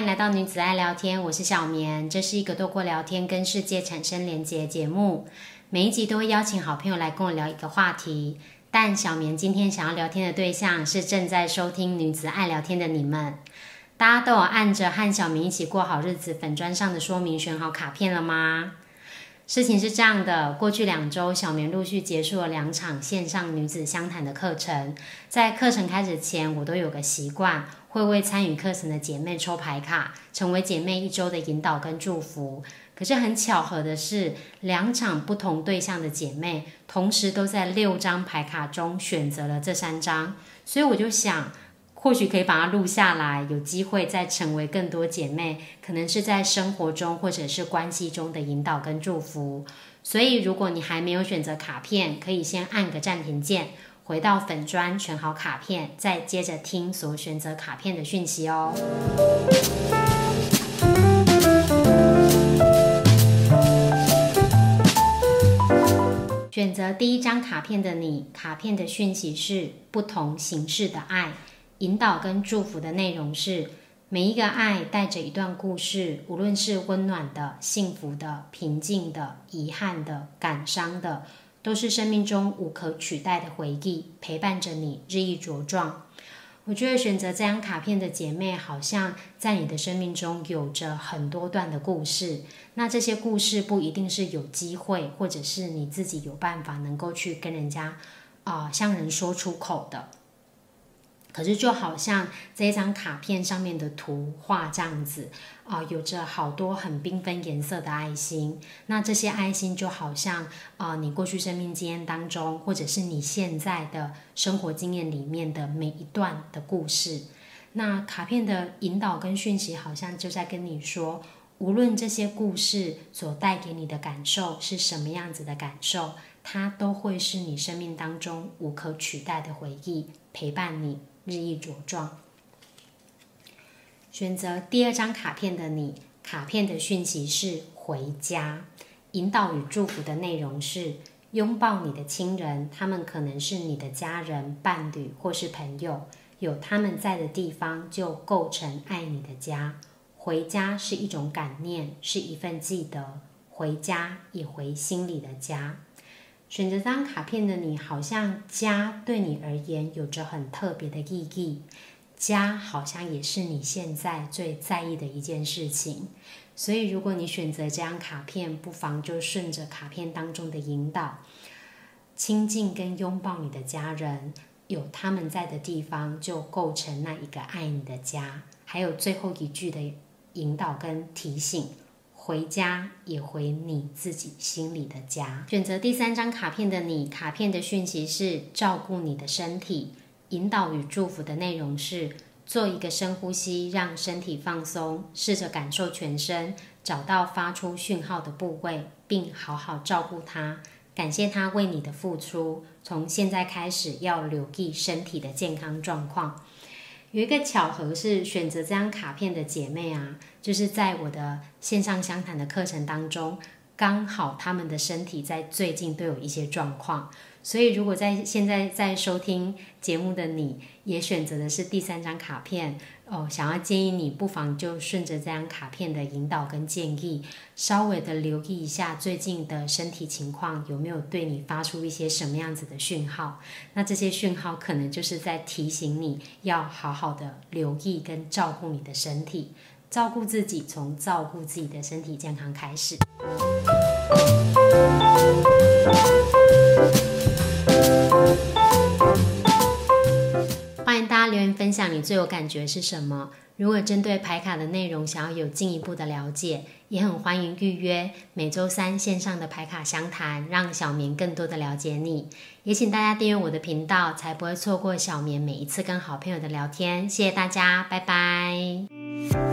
歡迎來到女子愛聊天，我是小綿。這是一個透過聊天跟世界產生連結的節目。每一集都會邀請好朋友來跟我聊一個話題。但小綿今天想要聊天的對象是正在收聽女子愛聊天的你們。大家都有按着和小綿一起過好日子粉專上的說明選好卡片了嗎？事情是這樣的，過去兩周，小綿陸續結束了兩場線上女子相談的課程。在課程開始前，我都有個習慣。會為參與課程的姐妹抽牌卡，成為姐妹一周的引導跟祝福。可是很巧合的是，兩場不同對象的姐妹同時都在六張牌卡中選擇了這三張，所以我就想，或許可以把它錄下來，有機會再成為更多姐妹，可能是在生活中或者是關係中的引導跟祝福。所以如果你還沒有選擇卡片，可以先按個暫停鍵。回到粉磚選好卡片，再接着聽所選擇卡片的訊息哦。選擇第一張卡片的你，卡片的訊息是不同形式的愛，引導跟祝福的內容是每一個愛帶着一段故事，無論是溫暖的、幸福的、平靜的、遺憾的、感傷的，都是生命中無可取代的回憶，陪伴着你日益茁壯。我覺得選擇這張卡片的姐妹，好像在你的生命中有着很多段的故事。那這些故事不一定是有機會，或者是你自己有辦法能夠去跟人家，啊、呃，向人說出口的。可是，就好像這張卡片上面的圖畫這樣子，啊、呃，有着好多很繽紛顏色的愛心。那這些愛心就好像啊、呃，你過去生命經驗當中，或者是你現在的生活經驗裡面的每一段的故事。那卡片的引導跟訊息，好像就在跟你說，無論這些故事所帶給你的感受是什麼樣子的感受，它都會是你生命當中無可取代的回憶，陪伴你。日益茁壯。選擇第二張卡片的你，卡片的訊息是回家。引導與祝福的內容是：擁抱你的親人，他們可能是你的家人、伴侶或是朋友。有他們在的地方，就構成愛你的家。回家是一種感念，是一份記得。回家，也回心裡的家。選擇這張卡片的你，好像家對你而言有着很特別的意義，家好像也是你現在最在意的一件事情。所以，如果你選擇這張卡片，不妨就順着卡片當中的引導，親近跟擁抱你的家人，有他們在的地方就構成那一個愛你的家。還有最後一句的引導跟提醒。回家也回你自己心裡的家。選擇第三張卡片的你，卡片的訊息是照顧你的身體。引導與祝福的內容是：做一個深呼吸，讓身體放鬆，試着感受全身，找到發出訊號的部位，並好好照顧它。感謝它為你的付出。從現在開始，要留意身體的健康狀況。有一個巧合是選擇這張卡片的姐妹啊，就是在我的線上相談的課程當中，剛好他們的身體在最近都有一些狀況，所以如果在現在在收聽節目的你，也選擇的是第三張卡片。哦，想要建議你，不妨就順着這張卡片的引導跟建議，稍微的留意一下最近的身體情況，有沒有對你發出一些什麼樣子的訊號。那這些訊號可能就是在提醒你要好好的留意跟照顧你的身體，照顧自己，從照顧自己的身體健康開始。大家留言分享你最有感覺是什麼？如果針對牌卡的內容想要有進一步的了解，也很歡迎預約每周三線上的牌卡相談，讓小綿更多的了解你。也請大家訂閱我的頻道，才不會錯過小綿每一次跟好朋友的聊天。謝謝大家，拜拜。